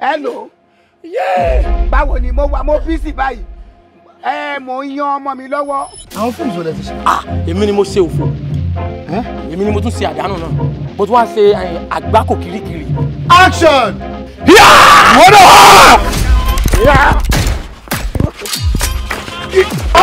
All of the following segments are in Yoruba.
hello báwo ni mo wà mo bísí báyìí ẹ mò ń yan ọmọ mi lọ́wọ́. àwọn fíìmù sọ̀rọ̀ ti ṣe. èmi ni mo ṣe òfò èmi ni mo tún ṣe àdánù náà mo tún wá ṣe àgbákò kirikiri. action. wọ́n náà.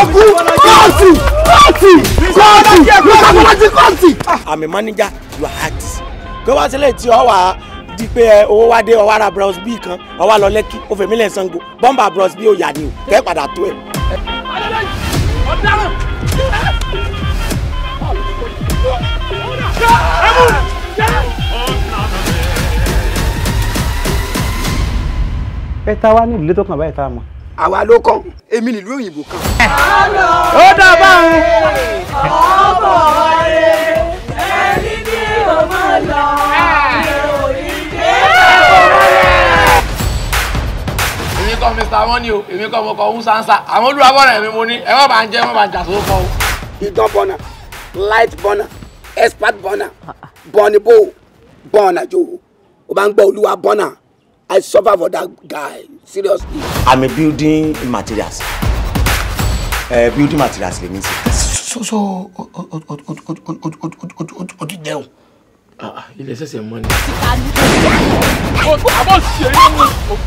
Ogun kọ́ọ̀tì kọ́ọ̀tì kọ́ọ̀tì kọ́ọ̀tì kọ́ọ̀tì. I'm a manager, you are artist kó wá sílẹ̀ tí ọ wà di pé owó wá dé ọwọ́ ara bros bíi kan ọwọ́ lọ lẹ́kí ó fèmí lẹ̀ sango bọ́mbà bros bíi òyà ni o kẹ́ padà tó ẹ̀. ọ̀daràn ẹ ta wá ní ìlú tó kàn báyìí tá a mọ. àwa ló kàn èmi nílùú òyìnbó kan. kọ́ mr money o èmi kọ́ mo kọ́ ń sáńsà àwọn olùwàbọ̀nà èmi mo ní ẹ má bàa jẹ́ má bàa jà sóko o. idán bọ́nà light bọ́nà expert bọ́nà bọ́ọ̀nì bò bọ́ọ̀nà jò o bá ń gbọ́ olúwa bọ́nà I suffer for that guy seriously. I'm a building materials uh, building materials lè mi sí. so so o Ah, ah, ilé ṣẹ̀ṣẹ̀ mọ́ ni. àbọ̀ ṣe é ní.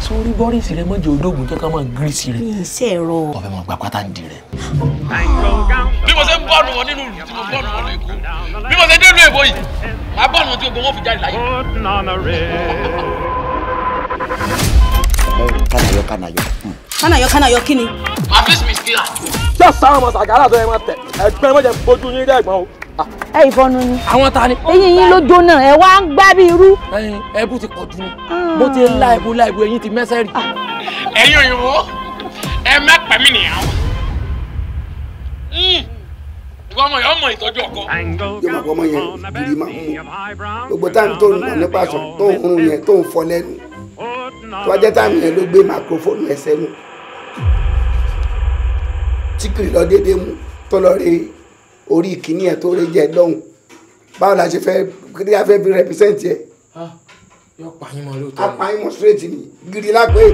sórí bọ́rìsì rẹ mọ́jọ odógun tó ká máa gírísì rẹ. iṣẹ́ ẹ̀rọ. ọbẹ̀ mọ̀ gbà pátá ń di rẹ. bí mo ṣe ń bọ́ọ̀nù wọn nínú ìlú tí mo bọ́ọ̀nù wọn lẹ́kọ̀ọ́ bí mo ṣe dé ìlú èkó yìí màá bọ́ọ̀nù wọn tí gbogbo wọn fi jáde láyé. kánayọ kánayọ. Hmm. kánayọ kánayọ kí ni. my face be still. just sáwọn ọmọ sàgárà tó yẹ máa tẹ ẹgbẹ́ mọ́jẹ fojú yín dẹ́gbọ́n o. Ah, ẹ ìfọnu ni. àwọn ta ni. eyín yín ló jóná ẹ wá ń gbá bí irú. ẹbú ti pọ̀ jù ní. bó ah. ti la ìbò la ìbò eyín ti mẹ́sẹ̀ rí. Ah. ẹ̀yin òyìnbó ẹ má pẹ́ mi hmm. ìwọ ọmọ yẹn ọmọ ìtọ́jú ọkọ. yóò ọmọ yẹn gidi máa ń mú gbogbo táwọn tó ń nà nípa aṣọ tó ń hun yẹn tó ń fọ lẹ́nu tó wá jẹ́ yẹn ló gbé máikrófóònù ẹ̀ sẹ́nu tí kìlọ̀ déédéé mú tó lọ orí ìkíní ẹ̀ tó rí jẹ lọ́hùn báwo la ṣe fẹ́ kí a fẹ́ fi rẹpísẹ́ǹtì ẹ̀. Ah, yọ pààyàn mọ́ lóòótọ́ ni. apààyàn mọ́ straight ni gidi lápẹ́.